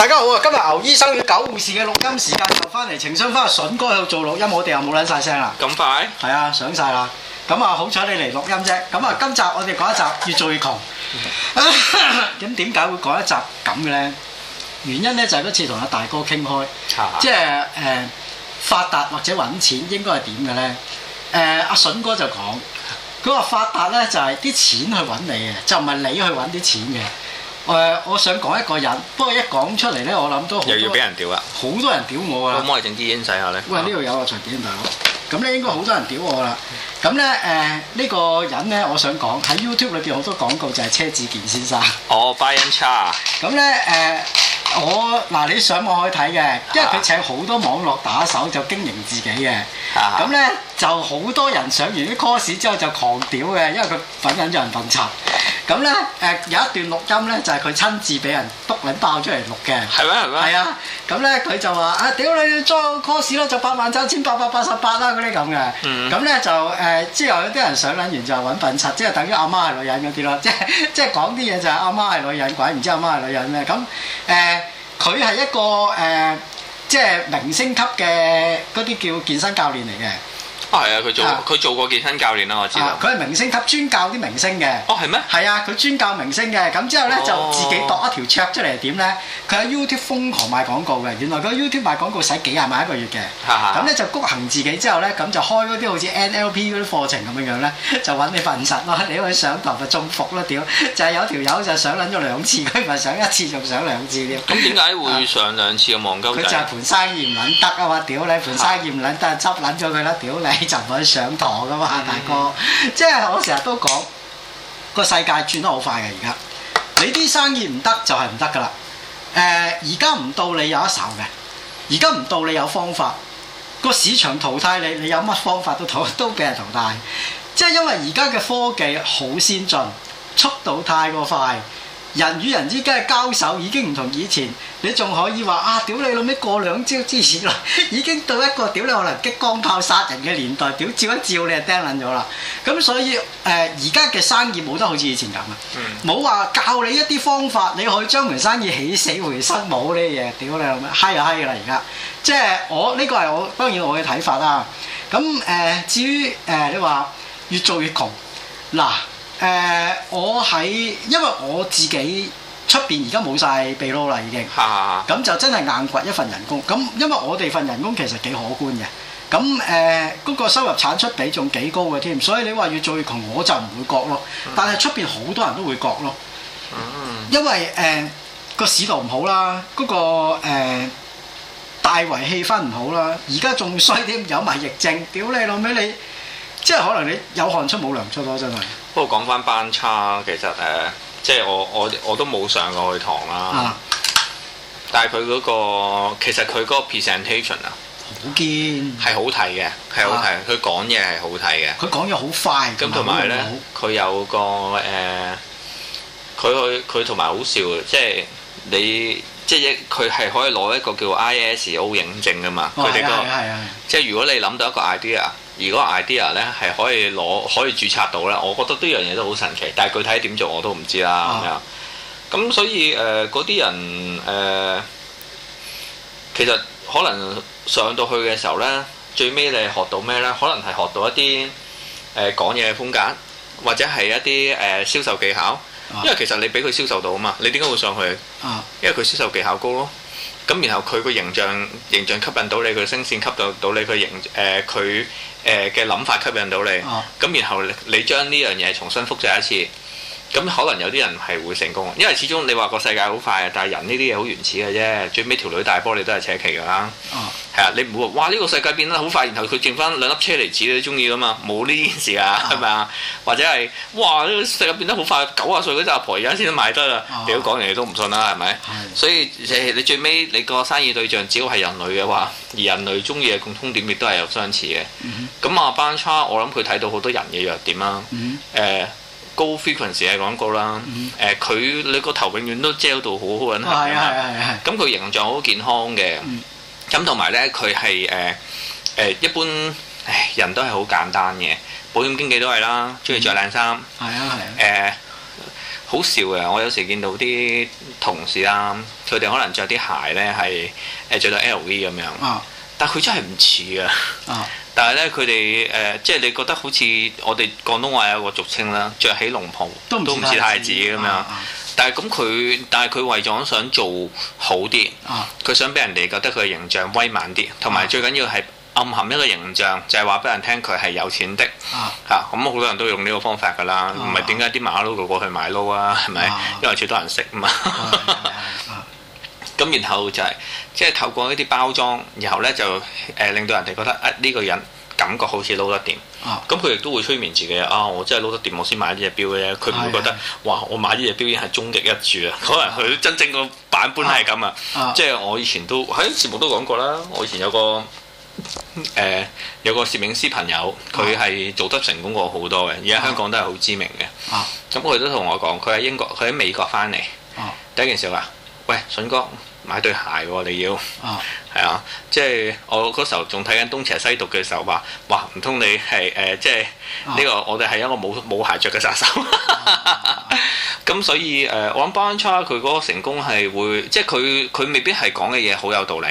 大家好啊！今日牛醫生與狗護士嘅錄音時間又翻嚟，情商翻阿筍哥喺度做錄音，我哋又冇捻晒聲啦。咁快？係啊，想晒啦。咁啊，好彩你嚟錄音啫。咁啊，今集我哋講一集越做越窮。咁點解會講一集咁嘅咧？原因咧就係、是、嗰次同阿大哥傾開，啊、即係誒、呃、發達或者搵錢應該係點嘅咧？誒、呃，阿筍哥就講，佢話發達咧就係啲錢去搵你嘅，就唔係你去搵啲錢嘅。誒、呃，我想講一個人，不過一講出嚟咧，我諗都又要俾人屌啦。好多人屌我啊！可唔可以整支煙洗下咧？喂，呢度有個隨便，大佬。咁咧應該好多人屌我啦。咁咧誒，呢個人咧，我想講喺 YouTube 裏邊好多廣告就係車志健先生。哦、oh，Buy N Car。咁咧誒。我嗱，你上網可以睇嘅，因為佢請好多網絡打手就經營自己嘅，咁咧、啊、就好多人上完啲 course 之後就狂屌嘅，因為佢粉緊有人笨柒。咁咧誒有一段錄音咧就係、是、佢親自俾人篤撚爆出嚟錄嘅，係咩係咩？係啊，咁咧佢就話啊屌你裝 course 咯，就八萬三千八百八十八啦嗰啲咁嘅，咁咧、嗯、就誒、呃、之後有啲人上撚完就揾笨柒，即係等於阿媽係女人嗰啲咯，即係即係講啲嘢就係阿媽係女人，鬼唔知阿媽係女人咩咁誒。佢係一個誒、呃、即係明星級嘅啲叫健身教練嚟嘅。啊係、哦、啊，佢做佢做過健身教練啦，我知佢係、啊、明星級，專教啲明星嘅。哦，係咩？係啊，佢專教明星嘅。咁之後咧、哦、就自己度一條尺出嚟，點咧？佢喺 YouTube 瘋狂賣廣告嘅。原來佢喺 YouTube 賣廣告使幾廿萬一個月嘅。咁咧、啊、就谷行自己之後咧，咁就開嗰啲好似 NLP 嗰啲課程咁樣樣咧，就揾你瞓實咯，你去上堂咪中伏咯，屌！就係、是、有條友就想撚咗兩次，佢唔係想一次仲想兩次，咁點解會上兩次嘅？盲鳩佢就係盤生意唔撚得啊嘛，屌你！盤生意唔撚得，執撚咗佢啦，屌你！啊你 就唔可以上堂噶嘛，大哥的，即係我成日都講個世界轉得好快嘅，而家，你啲生意唔得就係唔得噶啦。誒、呃，而家唔到你有一手嘅，而家唔到你有方法，個市場淘汰你，你有乜方法都淘都俾人淘汰。即係、就是、因為而家嘅科技好先進，速度太過快。人與人之間嘅交手已經唔同以前，你仲可以話啊！屌你老味過兩招之前啦，已經到一個屌你可能激光炮殺人嘅年代，屌照一照你就釘撚咗啦。咁所以誒而家嘅生意冇得好似以前咁啊，冇話、嗯、教你一啲方法，你可以將門生意起死回生，冇呢嘢，屌你老味，閪呀閪啦而家。即係我呢個係我當然我嘅睇法啦。咁誒、呃、至於誒、呃、你話越做越窮嗱。誒、呃，我喺，因為我自己出邊而家冇晒秘窿啦，已經，咁、啊、就真係硬掘一份人工。咁因為我哋份人工其實幾可觀嘅，咁誒嗰個收入產出比仲幾高嘅添。所以你話越做越窮，我就唔會覺咯。但係出邊好多人都會覺咯，因為誒個、呃、市道唔好啦，嗰、那個、呃、大圍氣氛唔好啦，而家仲衰添，有埋疫症，屌你老味你！即係可能你有汗出冇糧出咯，真係。不過講翻班差，其實誒、呃，即係我我我都冇上過去堂啦。嗯、但係佢嗰個其實佢嗰個 presentation 硬啊，好堅係好睇嘅，係好睇。佢講嘢係好睇嘅。佢講嘢好快。咁同埋咧，佢有，好有個誒，佢去佢同埋好笑即係你即係佢係可以攞一個叫 ISO 認證㗎嘛。佢哋、哦嗰個即係、哦啊、如果你諗到一個 idea。如果 idea 咧，係可以攞可以註冊到咧，我覺得呢樣嘢都好神奇。但係具體點做我都唔知啦。咁樣、啊，咁所以誒嗰啲人誒、呃、其實可能上到去嘅時候咧，最尾你學到咩咧？可能係學到一啲誒、呃、講嘢嘅風格，或者係一啲誒、呃、銷售技巧。啊、因為其實你俾佢銷售到啊嘛，你點解會上去？啊、因為佢銷售技巧高咯。咁然後佢個形象，形象吸引到你，佢聲線吸引到你，佢形，誒，佢誒嘅諗法吸引到你。咁、啊、然後你，你將呢樣嘢重新複製一次。咁可能有啲人係會成功，因為始終你話個世界好快，但係人呢啲嘢好原始嘅啫。最尾條女大波你、啊，你都係扯旗噶啦。係啊，你唔會話哇呢個世界變得好快，然後佢剩翻兩粒車厘子你都中意噶嘛？冇呢件事啊，係咪啊？或者係哇呢、這個世界變得好快，九啊歲嗰啲阿婆而家先都買得啦。如果講你都唔信啦，係咪？的所以、呃、最你最尾你個生意對象只要係人類嘅話，而人類中意嘅共通點亦都係有相似嘅。咁阿班差，我諗佢睇到好多人嘅弱點啦。誒、呃。嗯哼高 frequency 嘅廣告啦，誒佢你個頭永遠都遮到好好咁，咁佢、mm hmm. 形象好健康嘅，咁同埋呢，佢係誒誒一般，人都係好簡單嘅，保險經紀都係啦，中意着靚衫，係啊係啊，誒、啊呃、好笑嘅，我有時見到啲同事啦、啊，佢哋可能着啲鞋呢係誒著到 LV 咁樣，hmm. 但佢真係唔似啊。Mm hmm. mm hmm. 但係咧，佢哋誒，即係你覺得好似我哋廣東話有個俗稱啦，着起龍袍都唔似太子咁樣，啊啊。但係咁佢，但係佢為咗想做好啲，佢、啊、想俾人哋覺得佢形象威猛啲，同埋最緊要係暗含一個形象，就係話俾人聽佢係有錢的嚇。咁好，啊啊啊，多人都用呢個方法㗎啦，唔係點解啲麻甩佬過去買勞啊？係咪？因為最多人識嘛。咁然後就係即係透過一啲包裝，然後咧就誒令到人哋覺得啊呢個人感覺好似撈得掂，咁佢亦都會催眠自己啊！我真係撈得掂，我先買呢隻表嘅。佢唔會覺得哇！我買呢隻表已經係終極一注啦。可能佢真正個版本係咁啊！即係我以前都喺節目都講過啦。我以前有個誒有個攝影師朋友，佢係做得成功過好多嘅，而家香港都係好知名嘅。咁佢都同我講，佢喺英國，佢喺美國翻嚟。第一件事話，喂，筍哥。買對鞋喎、啊，你要，係啊，啊，即係我嗰時候仲睇緊東邪西毒嘅時候話，哇，唔通你係誒、呃，即係呢、啊這個我哋係一個冇冇鞋着嘅殺手，咁、 啊啊、 所以誒、呃，我諗班超佢嗰個成功係會，即係佢佢未必係講嘅嘢好有道理，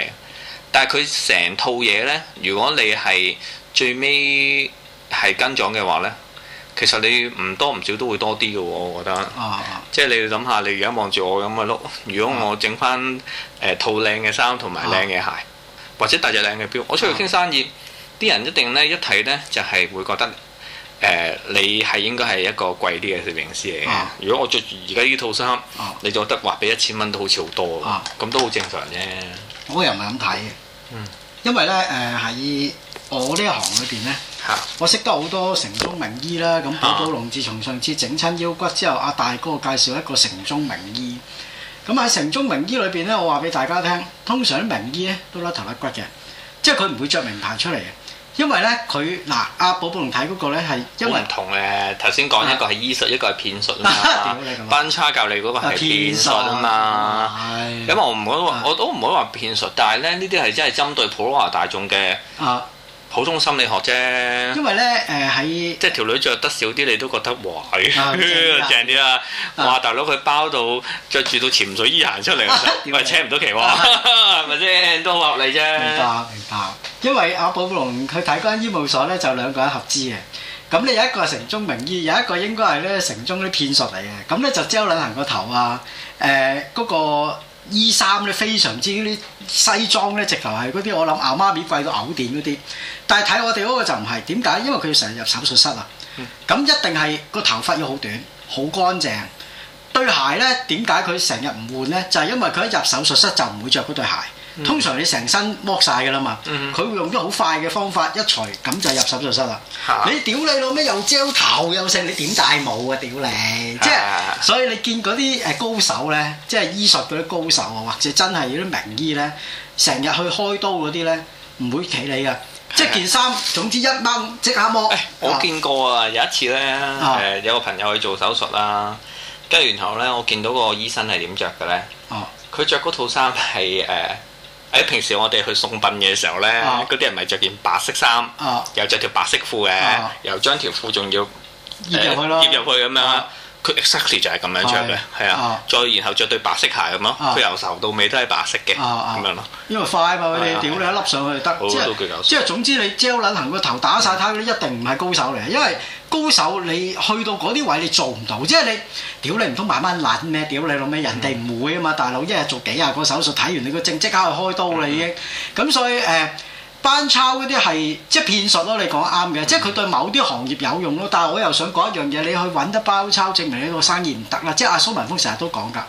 但係佢成套嘢咧，如果你係最尾係跟咗嘅話咧。其實你唔多唔少都會多啲嘅喎，我覺得。啊、即係你諗下，你而家望住我咁嘅 look，如果我整翻誒套靚嘅衫同埋靚嘅鞋，啊、或者戴隻靚嘅錶，我出去傾生意，啲、啊、人一定咧一睇咧就係、是、會覺得誒、呃、你係應該係一個貴啲嘅攝影師嚟嘅。如果我着住而家呢套衫，啊、你仲覺得話俾一千蚊都好似好多㗎，咁都好正常啫。我又唔係咁睇嘅。嗯。因為咧誒喺我一行裡裡呢行裏邊咧。啊、我識得好多城中名醫啦，咁寶寶龍自從上次整親腰骨之後，阿、啊、大哥介紹一個城中名醫。咁喺城中名醫裏邊咧，我話俾大家聽，通常啲名醫咧都甩頭甩骨嘅，即係佢唔會着名牌出嚟嘅，因為咧佢嗱阿寶寶龍睇嗰個咧係，因為同嘅。頭先講一個係醫術，啊、一個係騙術啊嘛。班差教你嗰個係騙術啊嘛。咁我唔好話，我都唔好話騙術，但係咧呢啲係真係針對普羅大眾嘅。啊啊普通心理學啫，因為咧誒喺即係條女着得少啲，你都覺得哇，啊、 正啲啦、啊！話、啊、大佬佢包到着住到潛水衣行出嚟，點解扯唔到奇喎？咪先都合理啫？明白明白。因為阿寶寶龍佢睇間醫務所咧，就兩個人合資嘅。咁你有一個係城中名醫，有一個應該係咧城中啲騙術嚟嘅。咁咧就只有兩行個頭啊！誒、呃、嗰、嗰個。衣衫咧非常之啲西裝咧，直頭係嗰啲我諗阿媽咪貴到嘔電嗰啲。但係睇我哋嗰個就唔係，點解？因為佢成日入手術室啊，咁、嗯、一定係個頭髮要好短、好乾淨。對鞋咧，點解佢成日唔換咧？就係、是、因為佢一入手術室就唔會着對鞋。通常你成身剝晒嘅啦嘛，佢、嗯、哼會用啲好快嘅方法一除，咁就入手術室啦。你屌你老味又焦頭又剩，你點戴帽啊？屌你！啊、即係所以你見嗰啲誒高手咧，即係醫術嗰啲高手啊，或者真係嗰啲名醫咧，成日去開刀嗰啲咧，唔會企你噶，啊、即係件衫總之一掹即刻剝、哎。我見過啊有、呃，有一次咧，誒有個朋友去做手術啦，跟住然後咧，我見到個醫生係點着嘅咧，佢着嗰套衫係誒。啊喺平時我哋去送殯嘅時候咧，嗰啲人咪着件白色衫，又着條白色褲嘅，又將條褲仲要入誒摺入去咁樣，佢 exactly 就係咁樣着嘅，係啊，再然後着對白色鞋咁咯，佢由頭到尾都係白色嘅，咁樣咯。因為快嘛，嗰啲點你一粒上去得，即係即係總之你 j e l 行個頭打晒，睇咧，一定唔係高手嚟，因為高手你去到嗰啲位你做唔到，即係你。屌你唔通慢慢撚咩？屌你老味，人哋唔會啊嘛！大佬一日做幾廿個手術，睇完你個症即刻去開刀啦已經。咁、嗯嗯、所以誒，包抄嗰啲係即係騙術咯。你講啱嘅，嗯、即係佢對某啲行業有用咯。但係我又想講一樣嘢，你去揾得包抄，證明你個生意唔得啦。即係阿蘇文峰成日都講噶，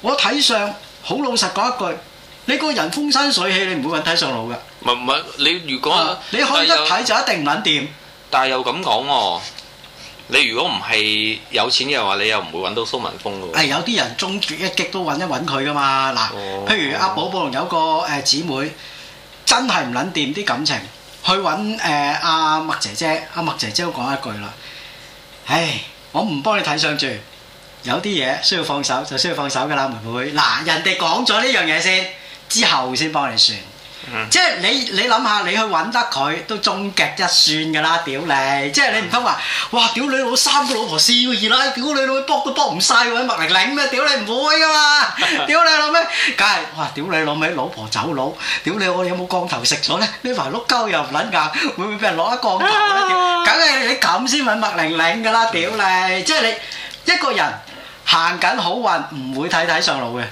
我睇相好老實講一句，你個人風生水起，你唔會揾睇相佬嘅。唔係你如果啊，你開一睇就一定唔撚掂。但係又咁講喎。你如果唔係有錢嘅話，你又唔會揾到蘇文峰嘅喎。係、哎、有啲人終極一擊都揾一揾佢噶嘛。嗱，哦、譬如阿、啊、寶寶龍有個誒姊、呃、妹，真係唔撚掂啲感情，去揾誒阿麥姐姐。阿、啊、麥姐姐都講一句啦，唉，我唔幫你睇相住，有啲嘢需要放手，就需要放手嘅啦，妹妹。嗱，人哋講咗呢樣嘢先，之後先幫你算。即係你你諗下，你去揾得佢都終極一算㗎啦！屌你，即係你唔通話哇！屌你老三個老婆四個二奶，屌你老妹幫都幫唔晒揾麥玲玲咩！屌你唔會噶嘛！屌你老咩，梗係哇！屌你老妹老婆走佬，屌你我哋有冇降頭食咗呢？呢排碌鳩又唔撚硬，會唔會俾人落一降頭呢？屌，梗係你咁先揾麥玲玲㗎啦！屌你，即係你一個人行緊好運，唔會睇睇上路嘅。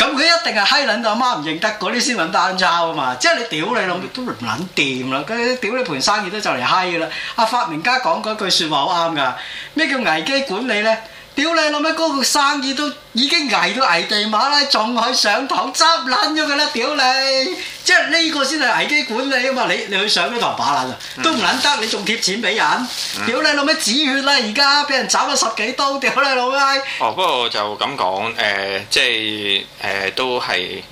咁佢一定係閪撚到阿媽唔認得，嗰啲先揾蛋炒啊嘛！即係你屌你咯，嗯、都唔撚掂啦！佢屌你盤生意都就嚟閪啦！阿發明家講嗰句説話好啱㗎，咩叫危機管理呢？屌你老乜嗰個生意都已經捱到危地馬拉仲去上堂執卵咗嘅啦！屌你，即係呢個先係危機管理啊嘛！你你去上呢堂把卵啊，嗯、都唔捻得，你仲貼錢俾人？屌、嗯、你老乜止血啦！而家俾人斬咗十幾刀，屌你老乜！哦，不過就咁講，誒、呃，即係誒、呃，都係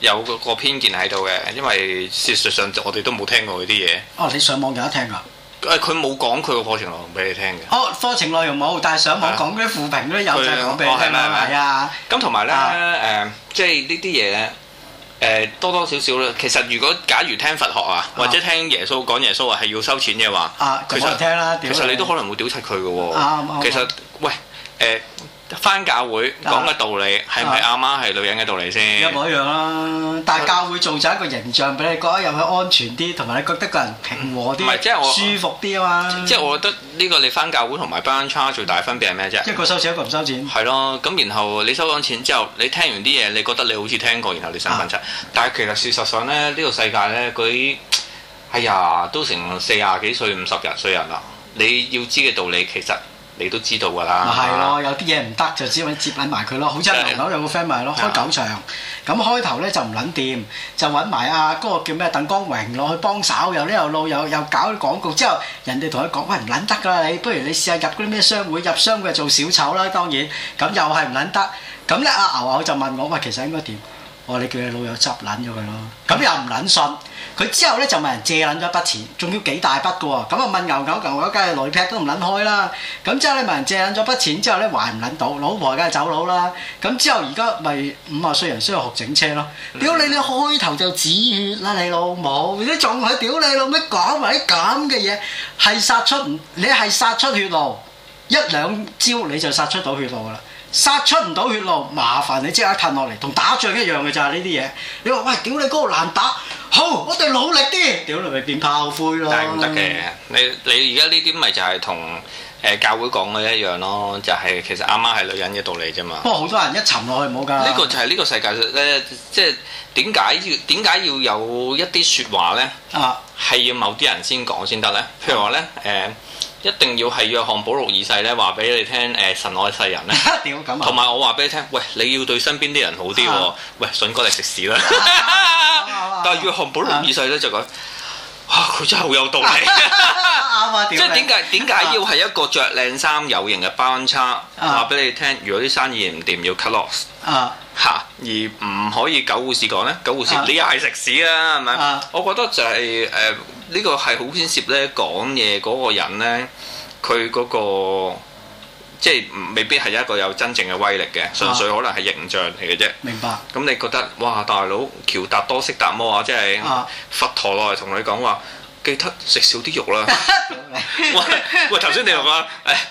有嗰個偏見喺度嘅，因為事實上我哋都冇聽過佢啲嘢。哦，你上網有得聽啊？佢冇講佢個課程內容俾你聽嘅。哦，課程內容冇，但係上網講嗰啲負評都有真講俾你聽啊。係啊。咁同埋咧，誒，即係呢啲嘢，誒、呃、多多少少咧。其實如果假如聽佛學啊，或者聽耶穌講耶穌啊，係要收錢嘅話，啊，佢實聽啦。其實你都可能會屌柒佢嘅喎。啊、其實，喂，誒、呃。呃翻教會講嘅道理係咪阿媽係女人嘅道理先？一模一樣啦，啊，但係教會做就一個形象俾你，覺得有去安全啲，同埋你覺得個人平和啲。唔係，嗯、即係我舒服啲啊嘛。即係我覺得呢個你翻教會同埋班差最大分別係咩啫？一個收錢，一個唔收錢。係咯，啊，咁然後你收咗錢之後，你聽完啲嘢，你覺得你好似聽過，然後你想問出，啊、但係其實事實上咧，呢、呢個世界咧，佢哎呀都成四廿幾歲，五十廿歲人啦，你要知嘅道、道理其實。你都知道㗎啦，係咯，有啲嘢唔得就只好接撚埋佢咯。好似阿牛牛有個 friend 咪係咯，開狗場，咁開頭咧就唔撚掂，就揾埋啊嗰個叫咩鄧光榮落去幫手，又呢又老友又搞啲廣告，之後人哋同佢講，喂，唔撚得㗎啦，你不如你試下入嗰啲咩商會入商會做小丑啦。當然咁又係唔撚得，咁咧啊牛牛就問我，喂，其實應該點？我話你叫你老友執撚咗佢咯，咁又唔撚信。佢之後咧就問人借撚咗一筆錢，仲要幾大筆嘅喎，咁啊問牛牛，牛牛梗係內劈都唔撚開啦，咁之後咧問人借撚咗筆錢之後咧還唔撚到，老婆啊梗係走佬啦，咁之後而家咪五十歲人需要學整車咯，屌你，你開頭就止血啦你老母，你仲去屌你老味講埋啲咁嘅嘢，係殺出唔，你係殺出血路，一兩招你就殺出到血路嘅啦。殺出唔到血路，麻煩你即刻褪落嚟，同打仗一樣嘅就係呢啲嘢？你話喂，屌你嗰個難打，好，我哋努力啲，屌你咪變炮灰咯。但係唔得嘅，你你而家呢啲咪就係同誒教會講嘅一樣咯，就係、是、其實阿媽係女人嘅道理啫嘛。不過好多人一沉落去冇㗎。呢個就係呢個世界咧，即係點解要點解要有一啲説話咧？啊，係要某啲人先講先得咧。譬如話咧，誒、呃。呃一定要係約翰保羅二世咧話俾你聽，誒神愛世人咧，同埋我話俾你聽，喂，你要對身邊啲人好啲喎，喂信哥嚟食屎啦！啊啊但係約翰保祿二世咧就講，嚇佢真係好有道理，即係點解點解要係一個着靚衫有型嘅班叉？話俾你聽，如果啲生意唔掂要 cut loss，嚇而唔可以九護士講咧，九護士你又係食屎啦，係咪？我覺得就係、是、誒。呃呢個係好牽涉咧，講嘢嗰個人咧，佢嗰、嗰個即係未必係一個有真正嘅威力嘅，純粹、啊、可能係形象嚟嘅啫。明白。咁你覺得哇，大佬喬達多識達摩啊，即係佛陀落嚟同你講話。記得食少啲肉啦！喂喂，頭先你話誒，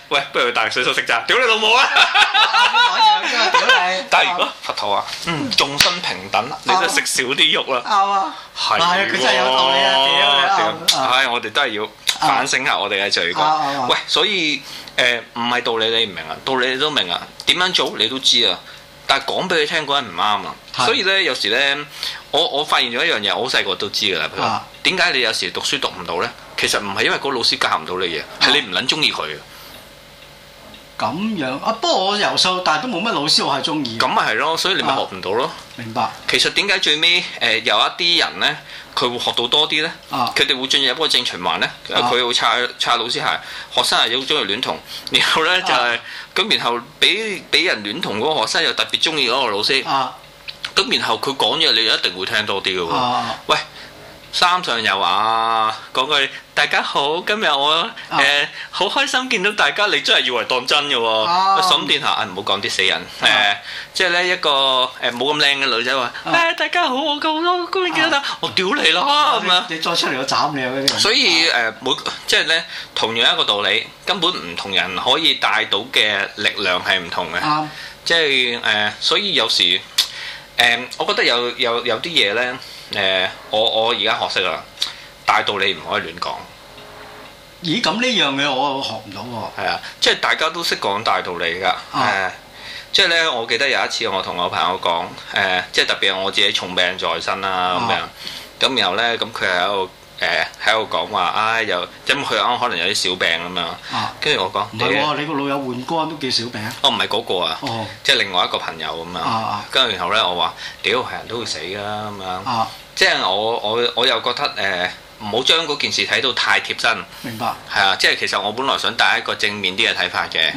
喂，不如去大水數食齋？屌你老母啊！屌你！但係如果佛陀啊，嗯，眾生平等，你都食少啲肉啦。啱啊，係啊，佢真係有道理啊！屌你，我哋都係要反省下我哋嘅罪過。喂，所以誒，唔係道理你唔明啊，道理你都明啊，點樣做你都知啊。但係講俾佢聽嗰陣唔啱啊。的所以咧有時咧，我我發現咗一樣嘢，我好細個都知㗎啦。譬如話點解、啊、你有時讀書讀唔到咧？其實唔係因為個老師教唔到你嘢，係、啊、你唔撚中意佢嘅。咁樣啊，不過我由細到大，但係都冇乜老師我，我係中意。咁咪係咯，所以你咪學唔到咯、啊。明白。其實點解最尾誒有一啲人咧，佢會學到多啲咧？佢哋、啊、會進入一個正循環咧。佢、啊、會擦擦老師鞋，學生係好中意戀童，然後咧就係、是、咁，啊、然後俾俾人戀童嗰個學生又特別中意嗰個老師。啊，咁然後佢講嘢，你又一定會聽多啲嘅喎。啊、喂。三上又話講句大家好，今日我誒好、啊呃、開心見到大家，你真係以為當真嘅喎？沈殿霞，唔好講啲死人誒、啊呃，即係咧一個誒冇咁靚嘅女仔話誒，大家好，我咁多觀眾見到我，我屌、啊、你咯咁樣。你再出嚟我斬你、啊、所以誒、呃、每即係咧，同樣一個道理，根本唔同人可以帶到嘅力量係唔同嘅。即係誒、呃，所以有時誒、呃，我覺得有有有啲嘢咧。誒、呃，我我而家學識啦，大道理唔可以亂講。咦？咁呢樣嘢我學唔到喎。係啊，即係大家都識講大道理㗎。誒、啊呃，即係咧，我記得有一次我同我朋友講，誒、呃，即係特別係我自己重病在身啦、啊、咁、啊、樣，咁然後咧，咁佢係喺度。誒喺度講話，唉、呃哎、又因係佢啱可能有啲小病咁樣，跟住、啊、我講唔、啊啊、你個老友換肝都幾小病。哦，唔係嗰個啊，哦、即係另外一個朋友咁樣。跟住、啊啊、然後咧，我話屌，係人都會死㗎咁樣。啊、即係我我我又覺得誒。呃唔好將嗰件事睇到太貼身，明白？係啊，即係其實我本來想帶一個正面啲嘅睇法嘅，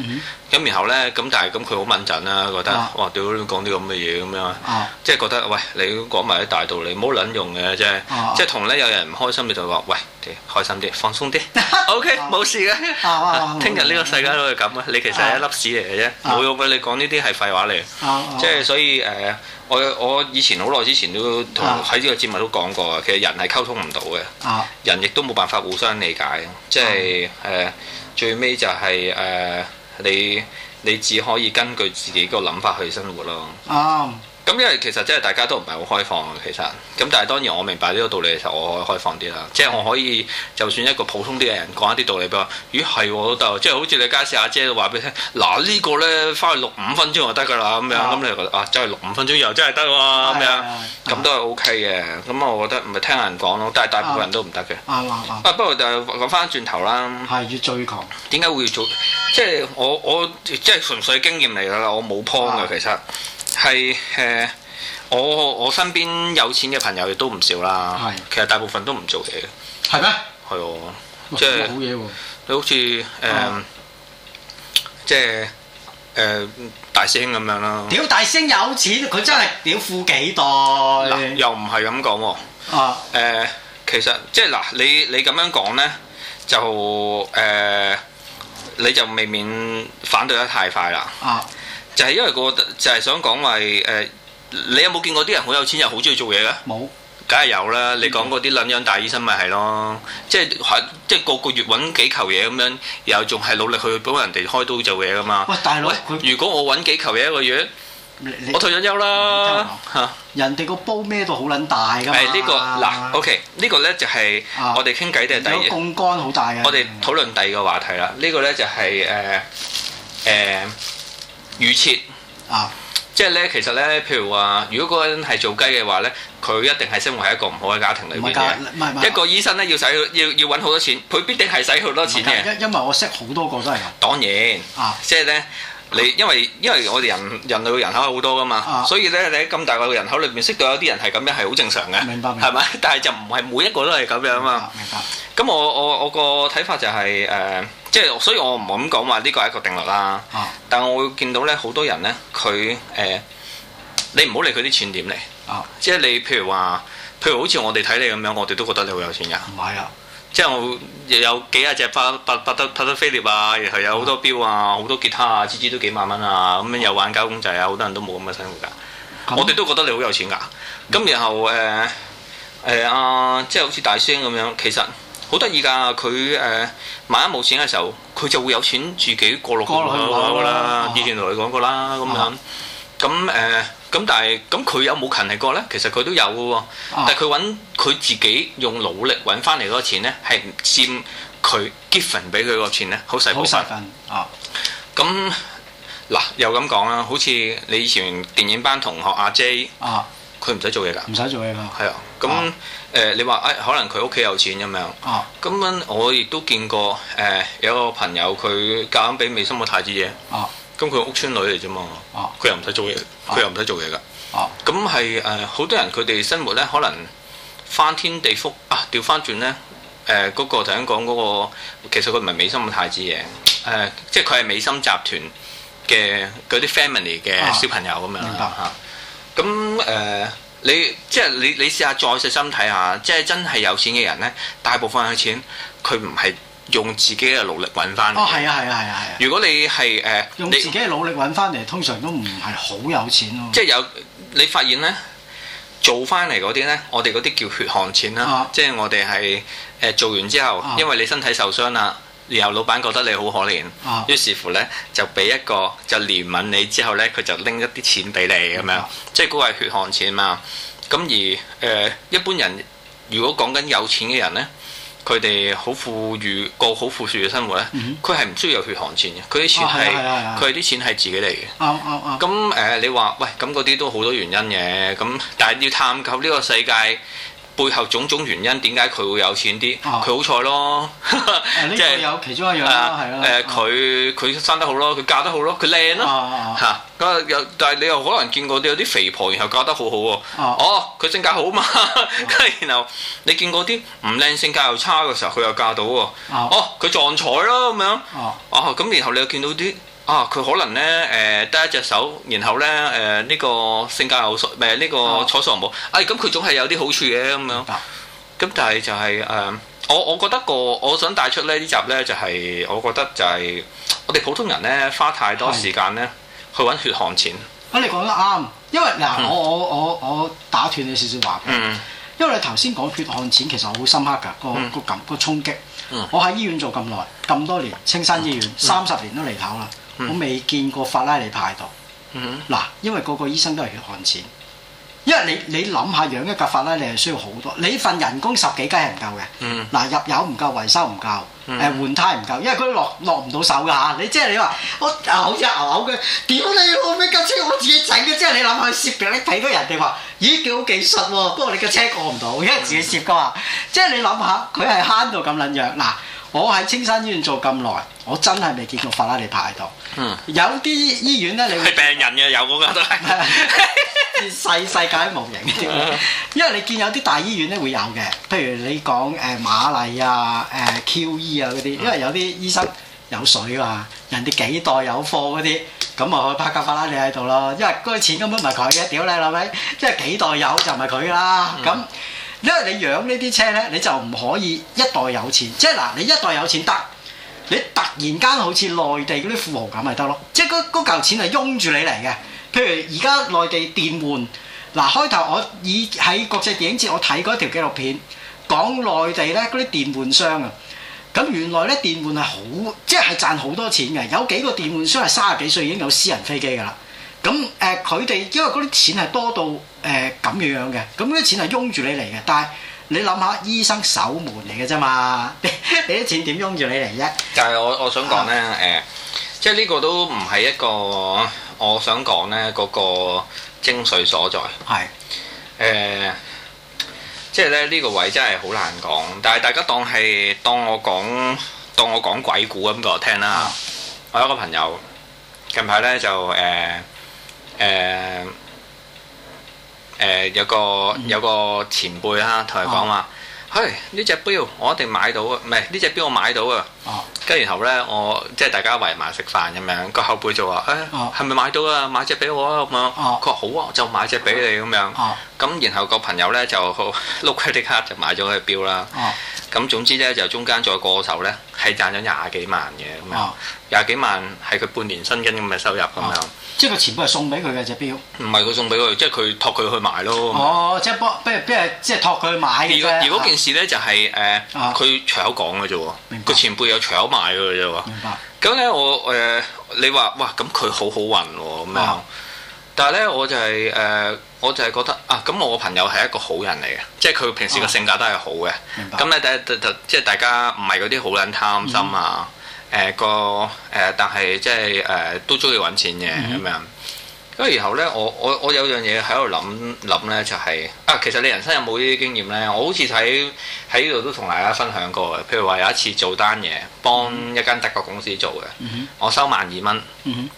咁然後呢，咁但係咁佢好敏感啦，覺得哇屌你講啲咁嘅嘢咁樣，即係覺得喂，你講埋啲大道理，唔好卵用嘅即係，即係同呢有人唔開心你就話喂，開心啲，放鬆啲，OK 冇事嘅，聽日呢個世界都係咁啊，你其實係一粒屎嚟嘅啫，冇用嘅，你講呢啲係廢話嚟，即係所以誒。我我以前好耐之前都同喺呢個節目都講過啊，其實人係溝通唔到嘅，啊、人亦都冇辦法互相理解，即係誒、嗯呃、最尾就係、是、誒、呃、你你只可以根據自己個諗法去生活咯。啊。咁因為其實真係大家都唔係好開放啊，其實咁但係當然我明白呢個道理，嘅時候，我可以開放啲啦，的即係我可以就算一個普通啲嘅人講一啲道理俾我，咦，果係我都即係好似你介紹阿姐都話俾你聽，嗱、啊這個、呢個咧翻去錄五分鐘就得㗎啦，咁樣咁你覺得啊真係錄五分鐘又真係得喎，咁都係 OK 嘅，咁的我覺得唔係聽人講咯，但係大部分人都唔得嘅。啊，啊，啊，啊不過就講翻轉頭啦，係要追求。點解會要做？即係我我即係純粹經驗嚟㗎啦，我冇 point 嘅其實。係誒，我、呃、我身邊有錢嘅朋友亦都唔少啦。係是，其實大部分都唔做嘢嘅。係咩？係哦，即係好嘢喎、啊。佢好似誒，即係誒、呃、大師兄咁樣啦。屌大師兄有錢，佢真係屌富幾代。呃、又唔係咁講喎。啊，誒、啊呃，其實即係嗱、呃，你你咁樣講咧，就誒、呃，你就未免反對得太快啦。啊。就係因為個就係想講話誒，你有冇見過啲人好有錢又好鍾意做嘢嘅？冇，梗係有啦！你講嗰啲撚樣大醫生咪係咯，即係即係個個月揾幾球嘢咁樣，又仲係努力去幫人哋開刀做嘢噶嘛？喂，大佬，如果我揾幾球嘢一個月，我退咗休啦！人哋個煲咩都好撚大噶嘛？呢個嗱，OK，呢個咧就係我哋傾偈嘅第一個話題。如果好大我哋討論第二個話題啦。呢個咧就係誒誒。預設啊，即係咧，其實咧，譬如話，如果嗰個人係做雞嘅話咧，佢一定係生活喺一個唔好嘅家庭裏面嘅。唔係㗎，唔係唔係。一個醫生咧要使要要搵好多錢，佢必定係使好多錢嘅。因為我識好多個都係咁。當然啊，即係咧，你因為因為我哋人人類嘅人口係好多噶嘛，所以咧你喺咁大個嘅人口裏邊識到有啲人係咁樣係好正常嘅，明白？係咪？但係就唔係每一個都係咁樣啊嘛。明白。咁我我我個睇法就係誒，即係所以我唔敢講話呢個係一個定律啦。但係我會見到咧，好多人咧，佢誒、呃，你唔好理佢啲錢點嚟，啊、即係你譬如話，譬如好似我哋睇你咁樣，我哋都覺得你好有錢㗎。唔係啊，即係我有幾廿隻百百百達百達翡麗啊，然後有好多表啊，好多吉他芝芝啊，支支都幾萬蚊啊，咁樣又玩膠公仔啊，好多人都冇咁嘅生活㗎。啊、我哋都覺得你好有錢㗎。咁、嗯、然後誒誒啊，即係好似大師兄咁樣，其實。好得意㗎，佢誒、呃、萬一冇錢嘅時候，佢就會有錢自己過落去啦。的話的話以前同你講過啦，咁、啊、樣咁誒咁，啊呃、但係咁佢有冇勤力過咧？其實佢都有嘅喎，啊、但係佢揾佢自己用努力揾翻嚟嗰個錢咧，係唔佔佢 given 俾佢個錢咧、啊，好細份，好細份啊！咁嗱，又咁講啦，好似你以前電影班同學阿 J，佢唔使做嘢㗎，唔使做嘢㗎，係啊，咁。誒、呃，你話誒，可能佢屋企有錢咁、啊、樣。哦，咁樣我亦都見過，誒、呃，有一個朋友佢嫁硬俾美心嘅太子爺。哦、啊，咁佢屋村女嚟啫嘛。佢又唔使做嘢，佢又唔使做嘢㗎。咁係誒，好多人佢哋生活咧，可能翻天地覆啊，調翻轉咧。誒、呃，嗰、那個頭先講嗰個，其實佢唔係美心嘅太子爺。誒、呃，即係佢係美心集團嘅嗰啲 family 嘅小朋友咁樣啦咁誒。 你即係你，你試下再細心睇下，即係真係有錢嘅人咧，大部分嘅錢佢唔係用自己嘅努力揾翻嚟。哦，係啊，係啊，係啊，係啊！啊如果你係誒，呃、用自己嘅努力揾翻嚟，通常都唔係好有錢咯。即係有你發現咧，做翻嚟嗰啲咧，我哋嗰啲叫血汗錢啦。啊、即係我哋係誒做完之後，因為你身體受傷啦。然後老闆覺得你好可憐，於、啊、是乎咧就俾一個就憐憫你之後咧，佢就拎一啲錢俾你咁、嗯、樣，即係嗰個係血汗錢嘛。咁而誒、呃、一般人如果講緊有錢嘅人咧，佢哋好富裕過好富庶嘅生活咧，佢係唔需要有血汗錢嘅，佢啲錢係佢哋啲錢係自己嚟嘅。咁誒、啊啊呃、你話喂，咁嗰啲都好多原因嘅，咁但係要探究呢個世界。背後種種原因，點解佢會有錢啲？佢好彩咯，即係有其中一樣咯，係咯。誒佢佢生得好咯，佢嫁得好咯，佢靚咯嚇。咁但係你又可能見過啲有啲肥婆，然後嫁得好好喎。哦，佢性格好嘛。咁然後你見過啲唔靚性格又差嘅時候，佢又嫁到喎。哦，佢撞彩咯咁樣。哦，咁然後你又見到啲。啊！佢可能咧，誒、呃、得一隻手，然後咧，誒、呃、呢、這個性格又好，唔係呢個楚傻唔好。咁佢總係有啲好處嘅咁樣。咁但係就係、是、誒、呃，我我覺得個我想帶出咧呢集咧，就係、是、我覺得就係、是、我哋普通人咧花太多時間咧去揾血汗錢。啊的，你講得啱，因為嗱，我我我我打斷你少少話。嗯。因為你頭先講血汗錢，其實我好深刻㗎，個個感個衝擊。嗯，衝擊，嗯、我喺醫院做咁耐，咁多、多、多年，青山醫院三十年都離譜啦。我未見過法拉利派到，嗱，因為個個醫生都係血汗錢，因為你你諗下養一架法拉利係需要好多，你份人工十幾雞係唔夠嘅，嗱、嗯、入油唔夠，維修唔夠，誒換、嗯、胎唔夠，因為佢落落唔到手㗎嚇，你即係你話我好似牛嘅，屌你老味架車我自己整嘅，即係你諗下佢攝嘅，你睇到人哋話，咦幾好技術喎，不過你架車過唔到，因為自己攝㗎嘛。嗯、即係你諗下佢係慳到咁撚樣，嗱。我喺青山醫院做咁耐，我真係未見過法拉利泊喺度、嗯。有啲醫院咧，你會病人嘅有嗰個都係世世界模型。因為你見有啲大醫院咧會有嘅，譬如你講誒瑪麗啊、誒、呃、QE 啊嗰啲，嗯、因為有啲醫生有水嘛、啊，人哋幾代有貨嗰啲，咁去泊架法拉利喺度咯。因為嗰啲錢根本唔係佢嘅，屌你老味，即 係幾代有就唔係佢啦咁。嗯因為你養呢啲車咧，你就唔可以一代有錢，即係嗱，你一代有錢得，你突然間好似內地嗰啲富豪咁咪得咯，即係嗰嗰嚿錢係擁住你嚟嘅。譬如而家內地電換，嗱，開頭我已喺國際電影節我睇過一條紀錄片，講內地咧嗰啲電換商啊，咁原來咧電換係好，即係賺好多錢嘅，有幾個電換商係三十幾歲已經有私人飛機㗎啦。咁誒，佢哋、呃、因為嗰啲錢係多到誒咁、呃、樣樣嘅，咁啲錢係擁住你嚟嘅。但係你諗下，醫生守門嚟嘅啫嘛，俾 啲錢點擁住你嚟啫？但係我我想講咧，誒、呃，即係呢個都唔係一個我想講咧嗰個精髓所在。係誒是、呃，即係咧呢個位真係好難講，但係大家當係當我講當我講鬼故咁度聽啦、嗯、我有個朋友近排咧就誒。呃誒誒、呃呃呃，有個、嗯、有個前輩啦、啊，同佢講話，嘿呢隻錶我一定買到嘅，唔係呢隻錶我買到嘅。哦，跟住然後咧我即係大家圍埋食飯咁樣，個後輩就話誒、哦，係、欸、咪買到啊？買隻俾我啊咁樣。哦，佢話好啊，我就買隻俾你咁樣。咁然後個朋友咧就碌一啲卡就買咗個錶啦。哦，咁總之咧就中間再過手咧。係賺咗廿幾萬嘅咁樣，廿幾萬係佢半年薪金咁嘅收入咁樣。即係佢前輩係送俾佢嘅隻表。唔係佢送俾佢，即係佢託佢去買咯。哦，即係幫，即係即係託佢去買啫。而嗰件事咧就係誒，佢隨口講嘅啫喎。個前輩有隨口買嘅啫喎。明白。咁咧我誒，你話哇，咁佢好好運喎咁樣。但係咧，我就係、係、誒、呃，我就係覺得啊，咁我個朋友係一個好人嚟嘅，即係佢平時個性格都係好嘅。咁咧、哦，第第即係大家唔係嗰啲好撚貪心啊，誒個誒，但係即係誒都中意揾錢嘅咁、嗯嗯、樣。咁然後咧，我我我有樣嘢喺度諗諗咧，就係、是、啊，其實你人生有冇呢啲經驗咧？我好似睇喺呢度都同大家分享過嘅。譬如話有一次做單嘢，幫一間德國公司做嘅，我收萬二蚊。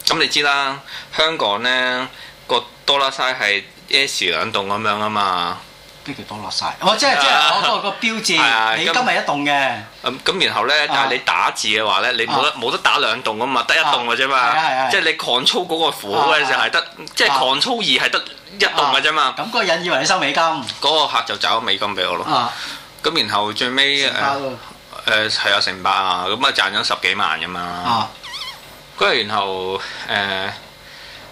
咁你知啦，香港咧個多啦曬係一時兩棟咁樣啊嘛～啲嘢多落晒，我即係即係嗰個個標誌，美金咪一棟嘅。咁然後咧，但係你打字嘅話咧，你冇得冇得打兩棟㗎嘛，得一棟嘅啫嘛。即係你狂操嗰個符嘅就候係得，即係狂操二係得一棟嘅啫嘛。咁嗰個人以為你收美金，嗰個客就走美金俾我咯。咁然後最尾誒誒係啊，成百啊，咁啊賺咗十幾萬㗎嘛。跟住然後誒，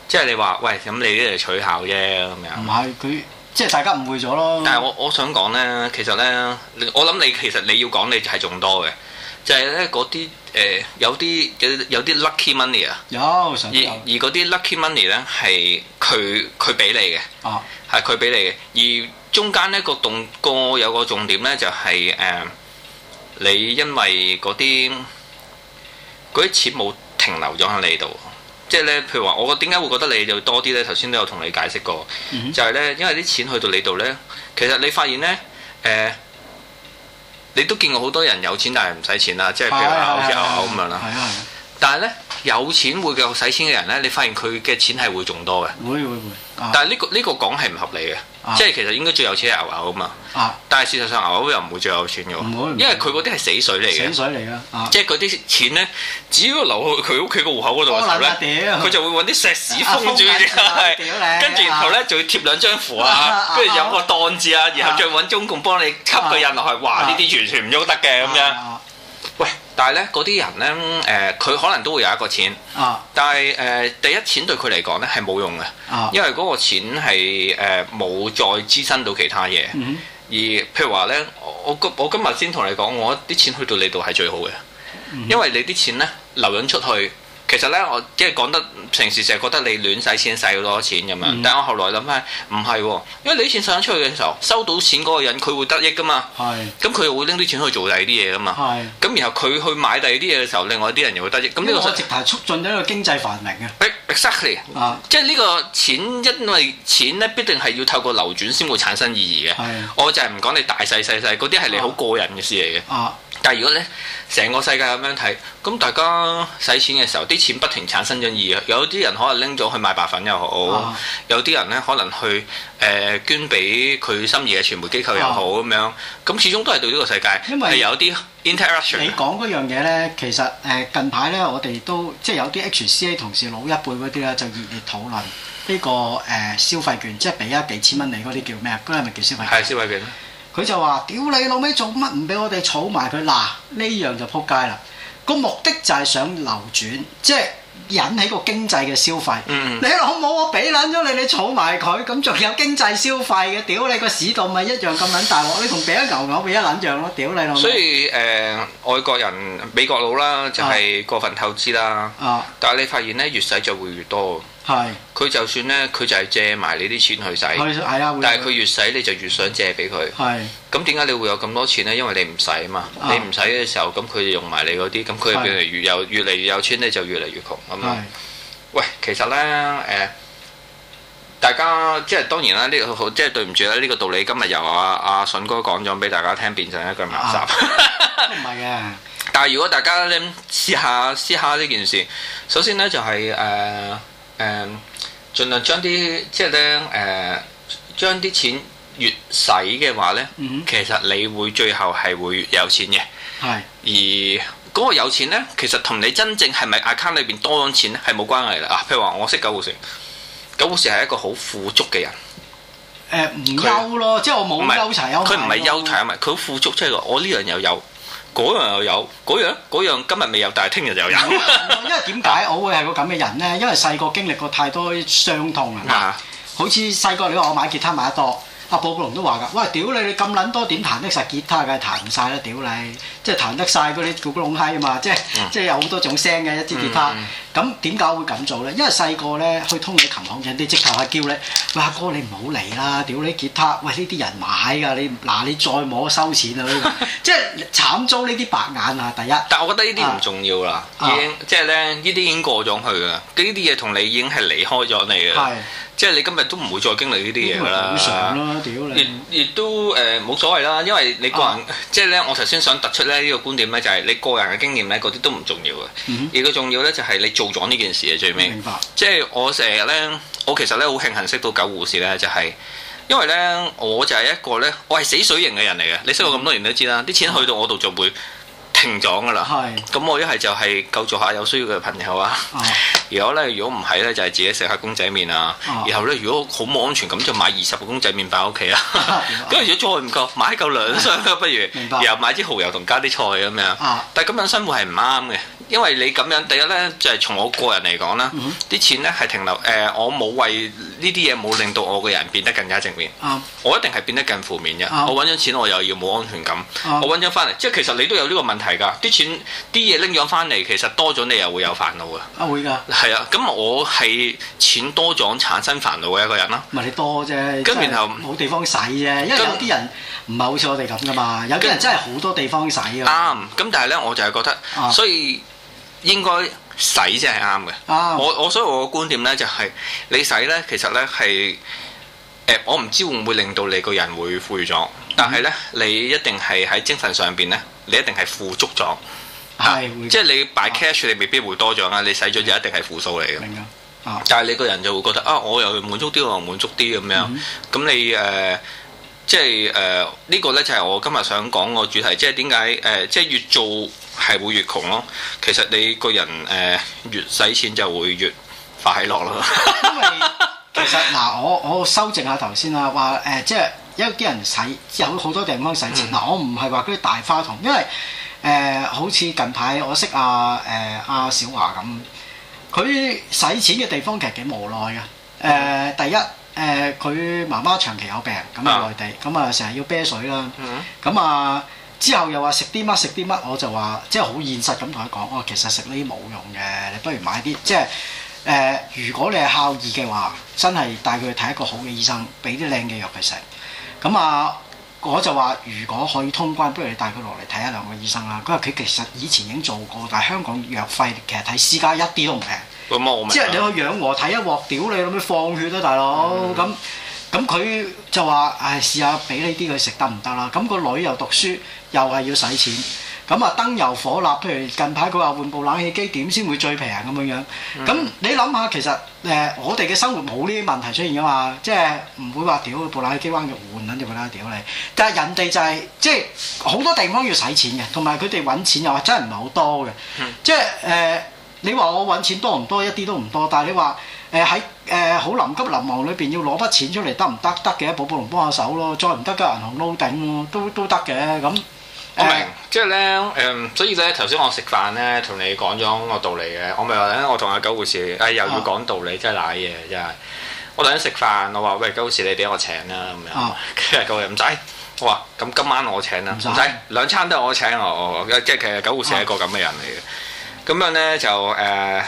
即係你話喂，咁你呢度取巧啫咁樣。唔係佢。即係大家誤會咗咯。但係我我想講咧，其實咧，我諗你其實你要講你就係仲多嘅，就係咧嗰啲誒有啲有啲 lucky money, lucky money 啊。有，而嗰啲 lucky money 咧係佢佢俾你嘅。哦，係佢俾你嘅。而中間呢，個動個有個重點咧就係、是、誒、呃，你因為嗰啲嗰啲錢冇停留咗喺你度。即係咧，譬如話，我點解會覺得你就多啲咧？頭先都有同你解釋過，嗯、哼就係咧，因為啲錢去到你度咧，其實你發現咧，誒、呃，你都見過好多人有錢但係唔使錢啦，即係譬如咬、哎、呀咬咬咁樣啦。係啊係啊。但係咧，有錢會夠使錢嘅人咧，你發現佢嘅錢係會仲多嘅。會會會。哎、但係、呢個、呢個呢、呢個講係唔合理嘅。即係其實應該最有錢係牛牛啊嘛，但係事實上牛牛又唔會最有錢嘅喎，因為佢嗰啲係死水嚟嘅，即係嗰啲錢咧，只要留去佢屋企個戶口嗰度嘅時候咧，佢就會揾啲石屎封住，跟住然後咧就要貼兩張符啊，跟住有個檔字啊，然後再揾中共幫你吸佢印落去，哇！呢啲完全唔喐得嘅咁樣。但係咧，嗰啲人咧，誒，佢可能都會有一個錢，啊、但係誒、呃，第一錢對佢嚟講咧係冇用嘅，啊、因為嗰個錢係冇、呃、再滋生到其他嘢。嗯、哼 而譬如話咧，我今我今日先同你講，我啲錢去到你度係最好嘅，嗯、哼 因為你啲錢咧流緊出去。其實咧，我即係講得平時成日覺得你亂使錢，使好多錢咁樣。嗯、但係我後來諗翻，唔係喎，因為你啲錢使咗出去嘅時候，收到錢嗰個人佢會得益噶嘛。係。咁佢又會拎啲錢去做第二啲嘢噶嘛。係。咁然後佢去買第二啲嘢嘅時候，另外啲人又會得益。咁呢個直頭促進咗一個經濟繁榮嘅。Exactly。啊。即係呢個錢，因為錢咧必定係要透過流轉先會產生意義嘅。係。我就係唔講你大細細細，嗰啲係你好個人嘅事嚟嘅。啊。啊。但係如果咧，成個世界咁樣睇，咁大家使錢嘅時候，啲錢不停產生咗意義。有啲人可能拎咗去買白粉又好，啊、有啲人咧可能去誒、呃、捐俾佢心儀嘅傳媒機構又好咁、啊、樣。咁始終都係對呢個世界因為係有啲 interaction。你講嗰樣嘢咧，其實誒、呃、近排咧，我哋都即係有啲 HCA 同事老一輩嗰啲咧，就熱烈討論呢個誒、呃、消費券，即係俾咗幾千蚊你嗰啲叫咩啊？嗰係咪叫消費？係消費券啦。佢就話：屌你老味，做乜唔俾我哋儲埋佢？嗱、啊，呢樣就撲街啦！個目的就係想流轉，即係引起個經濟嘅消費。嗯、你老母，我俾撚咗你，你儲埋佢，咁仲有經濟消費嘅？屌你個市道咪一樣咁撚大鑊？你同俾一牛牛俾一撚樣咯！屌你老，你所以誒、呃，外國人美國佬啦，就係、是、過分透支啦啊。啊！但係你發現咧，越使就會越多。係，佢就算咧，佢就係借埋你啲錢去使，但係佢越使你就越想借俾佢。係的，咁點解你會有咁多錢呢？因為你唔使啊嘛，啊你唔使嘅時候，咁佢就用埋你嗰啲，咁佢就越嚟越有的越嚟越有錢咧，就越嚟越窮咁啊！喂，其實呢，誒、呃，大家即係當然啦，呢、這個好即係對唔住啦，呢、這個道理今日由阿阿筍哥講咗俾大家聽，變成一句垃圾。唔係啊！ 但係如果大家咧試下試下呢件事，首先呢，就係、是、誒。呃呃呃誒，儘、嗯、量將啲即係咧，誒、呃，將啲錢越使嘅話咧，嗯、哼其實你會最後係會越有錢嘅。係是，而嗰個有錢咧，其實同你真正係咪 account 裏邊多咗錢咧，係冇關係啦。啊，譬如話我識九號成，九號成係一個好富足嘅人。誒、呃，唔憂咯，他即係我冇是憂柴了憂了，佢唔係憂柴咪，佢怠富足即係、就是、我呢樣又有。嗰樣又有，嗰樣，樣今日未有，但係聽日又有。 因為點解我會係個咁嘅人呢？因為細個經歷過太多傷痛啦。啊、好似細個你話我買吉他買得多，阿、啊、布布龍都話㗎：，喂，屌你你咁撚多點彈，得曬吉他嘅彈唔曬啦！屌你。即係彈得晒嗰啲咕咕隆嗨啊嘛！即係即係有好多種聲嘅一支吉他。咁點解會咁做咧？因為細個咧去通你琴行嘅啲即頭叫你咧，喂，阿哥你唔好嚟啦！屌你吉他！喂，呢啲人買㗎你嗱你再摸收錢啊！即係慘遭呢啲白眼啊！第一，但我覺得呢啲唔重要啦，已經即係咧呢啲已經過咗去㗎。呢啲嘢同你已經係離開咗你嘅。即係你今日都唔會再經歷呢啲嘢啦。正常啦，屌你！亦都誒冇所謂啦，因為你個人即係咧，我頭先想突出呢個觀點咧就係你個人嘅經驗咧，嗰啲都唔重要嘅。嗯、哼而個重要咧就係你做咗呢件事啊，最尾。即係白我成日咧，我其實咧好慶幸識到九護士咧，就係、是、因為咧，我就係一個咧，我係死水型嘅人嚟嘅。你識我咁多年都知啦，啲、嗯、哼錢去到我度就會。停咗噶啦，咁我一係就係救助下有需要嘅朋友啊，然後咧如果唔係咧就係自己食下公仔麵啊，然後咧如果好冇安全感就買二十個公仔麵擺屋企啊，咁如果再唔夠買夠兩箱啦，不如，然後買支蠔油同加啲菜咁樣，但係咁樣生活係唔啱嘅，因為你咁樣第一咧就係從我個人嚟講啦，啲錢咧係停留，誒我冇為呢啲嘢冇令到我個人變得更加正面，我一定係變得更負面嘅，我揾咗錢我又要冇安全感，我揾咗翻嚟，即係其實你都有呢個問題。啲錢啲嘢拎咗翻嚟，其實多咗你又會有煩惱噶。啊會噶的。係啊，咁我係錢多咗產生煩惱嘅一個人啦。唔係你多啫，跟住然後冇地方使啫，因為那有啲人唔係好似我哋咁噶嘛，有啲人真係好多地方使。啱，咁但係咧，我就係覺得，啊、所以應該使先係啱嘅。啊、我我所以我嘅觀點咧就係、是，你使咧其實咧係，誒、呃，我唔知會唔會令到你個人會富裕咗，但係咧、嗯、你一定係喺精神上邊咧。你一定係負足咗，嚇！即係你擺 cash，你未必會多咗啊！你使咗就一定係負數嚟嘅。啊、但係你個人就會覺得啊，我又滿足啲我又，滿足啲咁樣。咁、嗯、你誒、呃，即係誒呢個咧就係我今日想講個主題，即係點解誒，即係越做係會越窮咯。其實你個人誒、呃、越使錢就會越快樂咯。因為 其實嗱、呃，我我修正下頭先啦，話誒、呃呃、即係。有啲人使有好多地方使錢嗱，嗯、我唔係話嗰啲大花筒，因為誒、呃、好似近排我識阿誒阿小華咁，佢使錢嘅地方其實幾無奈㗎。誒、呃、第一誒佢媽媽長期有病，咁喺內地，咁啊成日要啤水啦。咁、嗯、啊、嗯嗯嗯、之後又話食啲乜食啲乜，我就話即係好現實咁同佢講，哦，其實食呢啲冇用嘅，你不如買啲即係誒、呃、如果你係孝義嘅話，真係帶佢去睇一個好嘅醫生，俾啲靚嘅藥佢食。咁啊，我就話如果可以通關，不如你帶佢落嚟睇下兩個醫生啦。佢話佢其實以前已經做過，但係香港藥費其實睇私家一啲都唔平。啊、即係你去養和睇一鑊屌你，諗住放血啊，大佬！咁咁佢就話：唉、哎，試下俾你啲佢食得唔得啦？咁個女又讀書，又係要使錢。咁啊，燈油火蠟，譬如近排佢話換部冷氣機，點先會最平咁樣樣。咁你諗下，其實誒我哋嘅生活冇呢啲問題出現啊嘛，即係唔會話屌部冷氣機掹完換緊住佢啦屌你。但係人哋就係即係好多地方要使錢嘅，同埋佢哋揾錢又真係唔係好多嘅。即係誒你話我揾錢多唔多，一啲都唔多，但係你話誒喺誒好臨急臨忙裏邊要攞筆錢出嚟得唔得？得嘅，補補窿幫下手咯，再唔得嘅銀行 l o 頂都都得嘅咁。我明，即係咧，誒、嗯，所以咧，頭先我食飯咧，同你講咗個道理嘅，我咪話咧，我同阿九護士，誒，又要講道理，啊、真係瀨嘢，真係。我兩食飯，我話喂，九護士你俾我請啦咁樣，跟住唔使，我話咁今晚我請啦，唔使兩餐都係我請、啊、我，嗯、即係其實九護士係一個咁嘅人嚟嘅。咁樣咧就誒、呃，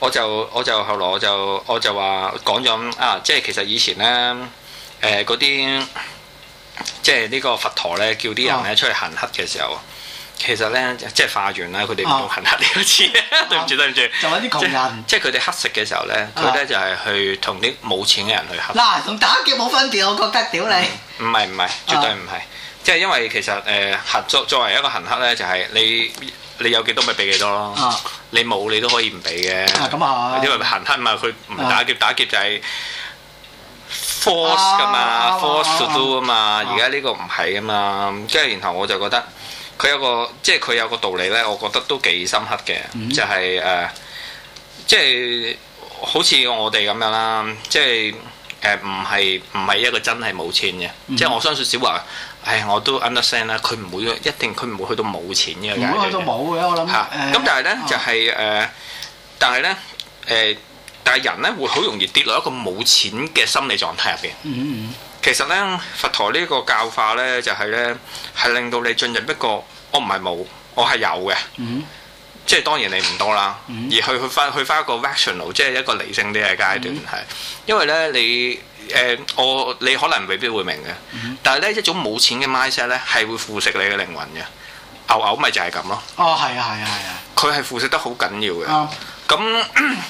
我就我就後來我就我就話講咗啊，即係其實以前咧誒嗰啲。呃即係呢個佛陀咧，叫啲人咧出去行乞嘅時候，其實咧即係化緣啦。佢哋唔用行乞呢個詞。對唔住，對唔住。就揾啲窮人。即係佢哋乞食嘅時候咧，佢咧、啊、就係去同啲冇錢嘅人去乞。嗱、啊，同打劫冇分別，我覺得屌你。唔係唔係，絕對唔係。即係、啊、因為其實誒，合、呃、作作為一個行乞咧、就是，就係你你有幾多咪俾幾多咯、啊。你冇你都可以唔俾嘅。咁啊，因為行乞嘛，佢唔打劫，打劫就係、是。force 噶嘛 ah, ah, ah, ah,，force to do 啊嘛，而家呢個唔係啊嘛，即係、ah, 然後我就覺得佢有個即係佢有個道理咧，我覺得都幾深刻嘅、uh huh. 就係呃，就係、是、誒，即係好似我哋咁樣啦，即係誒唔係唔係一個真係冇錢嘅，即係、uh huh. 我相信小華，唉，我都 understand 啦，佢唔會一定佢唔會去到冇錢嘅階段，唔會去到冇嘅，我諗嚇，咁、uh huh. 但係咧就係、是、誒、呃，但係咧誒。呃但係人咧會好容易跌落一個冇錢嘅心理狀態入邊。嗯嗯，其實咧，佛陀呢個教化咧就係咧係令到你進入一個我唔係冇，我係有嘅。即係、嗯嗯、當然你唔多啦。嗯嗯，而去去翻去翻一個 rational，即係一個理性啲嘅階段係。嗯嗯，因為咧你誒、呃、我你可能未必會明嘅。嗯嗯，但係咧一種冇錢嘅 mindset 咧係會腐蝕你嘅靈魂嘅。牛牛咪就係咁咯。哦，係啊，係啊，係啊、哦哦。佢係腐蝕得好緊要嘅。咁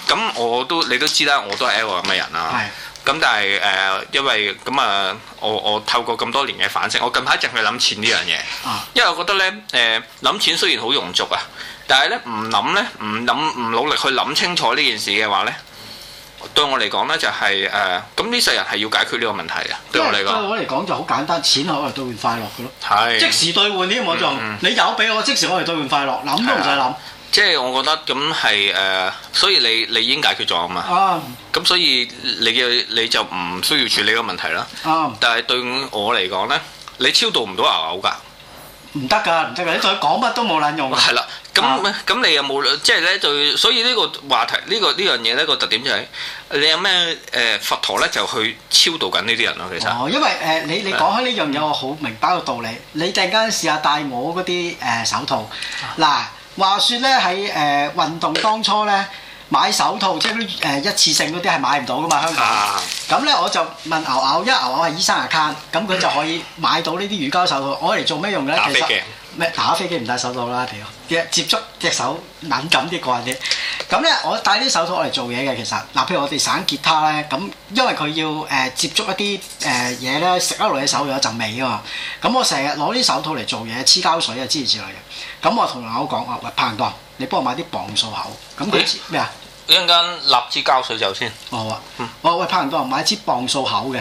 咁我都你都知啦，我都係 L 咁嘅人啦。咁是的 但係誒、呃，因為咁啊、呃，我我透過咁多年嘅反省，我近排淨係諗錢呢樣嘢。啊、因為我覺得呢，誒、呃、諗錢雖然好庸俗啊，但係呢，唔諗呢，唔諗唔努力去諗清楚呢件事嘅話呢，對我嚟講呢，就係誒，咁呢世人係要解決呢個問題嘅。就是、對我嚟講，對我嚟講就好簡單，錢係可以兌換快樂嘅咯。即時兌換呢我就，你有俾我即時，可以兌換快樂，諗都唔使諗。即係我覺得咁係誒，所以你你已經解決咗啊嘛。咁、嗯、所以你嘅你就唔需要處理個問題啦。嗯、但係對我嚟講咧，你超度唔到牛牛噶，唔得噶，唔得噶，你再講乜都冇卵用。係啦、哦，咁咁、嗯嗯、你又冇即係咧？就是、對所以呢個話題，呢、呢個呢樣嘢咧個特點就係、是、你有咩誒、呃、佛陀咧就去超度緊呢啲人咯。其實、哦，因為誒、呃、你你講開呢樣嘢，我好明白個道理。你陣間試下戴我嗰啲誒手套嗱。話説咧喺誒運動當初咧買手套，即係啲誒一次性嗰啲係買唔到噶嘛，香港。咁咧、啊、我就問牛牛，因為牛牛係醫生 account，咁佢就可以買到呢啲乳膠手套。我嚟做咩用嘅咧？其實咩打飛機唔帶手套啦屌，隻接觸隻手敏感啲嘅。咁咧，我戴啲手套嚟做嘢嘅，其實嗱，譬如我哋省吉他咧，咁因為佢要誒、呃、接觸一啲誒嘢咧，食得落隻手有一陣味嘅嘛。咁我成日攞啲手套嚟做嘢，黐膠水啊之類嘅。咁我同人我講話，喂，拍檔，你幫我買啲磅數口。咁佢咩啊？一陣間立支膠水就先。哦好啊，嗯。欸、我喂拍檔，買支磅數口嘅，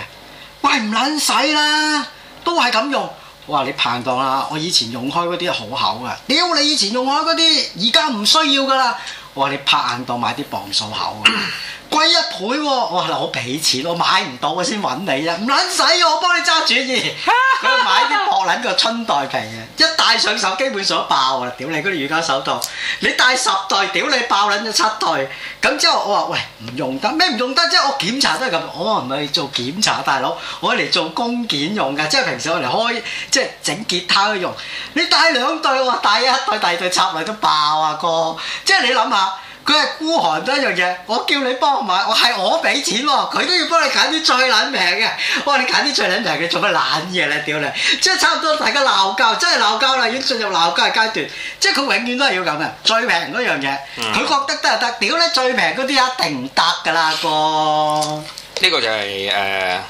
喂，唔撚使啦，都係咁用。我話你拍檔啦，我以前用開嗰啲好厚㗎。屌你，你以前用開嗰啲，而家唔需要噶啦。哇，你拍硬檔買啲磅數厚啊！ 貴一倍喎、啊！我係啦，我俾錢，我買唔到，我先揾你啊！唔撚使我幫你揸主意。佢 買啲薄撚嘅春袋皮嘅，一戴上手基本上爆啦！屌你嗰啲瑜伽手套，你戴十袋，屌你爆撚咗七對。咁之後我話：喂，唔用得咩？唔用得！即係、就是、我檢查都係咁，我話唔係做檢查，大佬，我嚟做工檢用㗎。即、就、係、是、平時我嚟開，即係整吉他都用。你戴兩對喎，戴一對、第二對插嚟都爆啊哥！即、就、係、是、你諗下。佢係孤寒多一樣嘢，我叫你幫我買，我係我俾錢喎、哦，佢都要幫你揀啲最撚平嘅。我話你揀啲最撚平，佢做乜撚嘢咧？屌你！即係差唔多大家鬧交，真係鬧交啦，已經進入鬧交嘅階段。即係佢永遠都係要咁嘅最平嗰樣嘢，佢、嗯、覺得得就得，屌你最平嗰啲一定唔得㗎啦，個。呢個就係、是、誒、呃，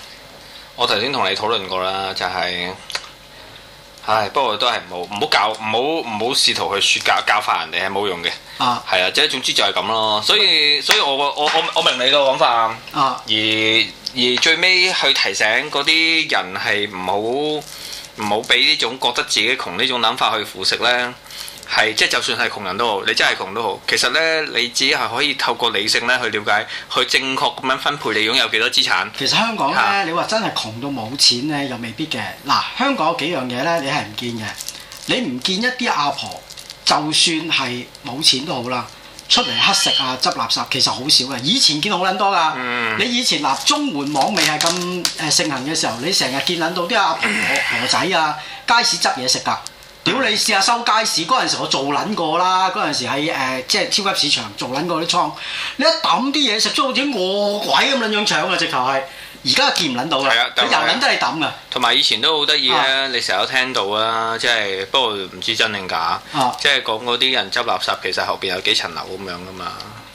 我頭先同你討論過啦，就係、是。唉，不過都係冇，唔好教，唔好唔好試圖去説教教化人哋係冇用嘅。啊，係啊，即係總之就係咁咯。所以，所以我我我我明你個講法。啊而，而而最尾去提醒嗰啲人係唔好唔好俾呢種覺得自己窮呢種諗法去腐蝕咧。係，即係就算係窮人都好，你真係窮都好，其實咧，你自己係可以透過理性咧去了解，去正確咁樣分配你擁有幾多資產。其實香港咧，啊、你話真係窮到冇錢咧，又未必嘅。嗱，香港有幾樣嘢咧，你係唔見嘅。你唔見一啲阿婆，就算係冇錢都好啦，出嚟乞食啊、執垃圾，其實好少嘅。以前見到好撚多㗎。嗯、你以前嗱，綜援網未係咁誒盛行嘅時候，你成日見撚到啲阿婆、呃、婆，婆仔啊，街市執嘢食㗎。屌、嗯、你！試下收街市嗰陣時，我做撚過啦。嗰陣時喺誒、呃，即係超級市場做撚過啲倉。你一抌啲嘢食，都好似餓鬼咁撚樣搶嘅，直頭係。而、啊、家見唔撚到嘅，佢又撚都你抌嘅。同埋以前都好得意咧，啊、你成日都聽到啦，即、就、係、是、不過唔知真定假，即係、啊、講嗰啲人執垃圾，其實後邊有幾層樓咁樣噶嘛。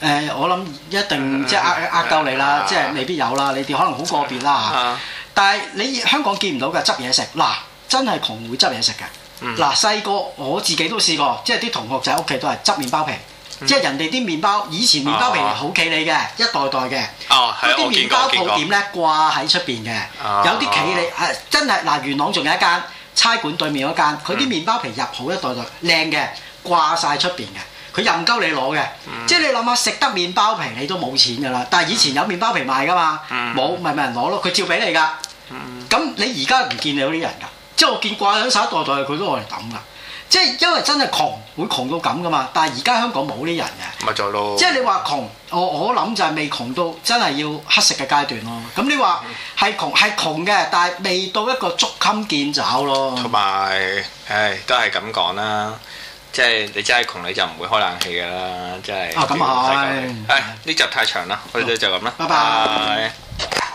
誒、呃，我諗一定即係呃呃鳩你啦，即係未必有啦，你哋可能好個別啦、嗯嗯嗯。但係你香港見唔到嘅執嘢食，嗱，真係窮會執嘢食嘅。嗱，細個我自己都試過，即係啲同學仔屋企都係執麵包皮，即係人哋啲麵包以前麵包皮好企理嘅，一袋袋嘅，嗰啲麵包鋪點咧掛喺出邊嘅，有啲企理係真係嗱，元朗仲有一間差館對面嗰間，佢啲麵包皮入好一袋袋，靚嘅，掛晒出邊嘅，佢任夠你攞嘅，即係你諗下食得麵包皮你都冇錢噶啦，但係以前有麵包皮賣噶嘛，冇咪咪人攞咯，佢照俾你噶，咁你而家唔見到啲人㗎。即係我見慣咗一代代，佢都係咁噶。即係因為真係窮，會窮到咁噶嘛。但係而家香港冇呢人嘅。咪就係咯。即係你話窮，我我諗就係未窮到真係要乞食嘅階段咯。咁你話係窮係窮嘅，但係未到一個捉襟見肘咯。同埋，唉，都係咁講啦。即係你真係窮，你就唔會開冷氣㗎啦。即係。啊，咁啊。誒，呢集太長啦，我哋就咁啦。拜拜。拜拜。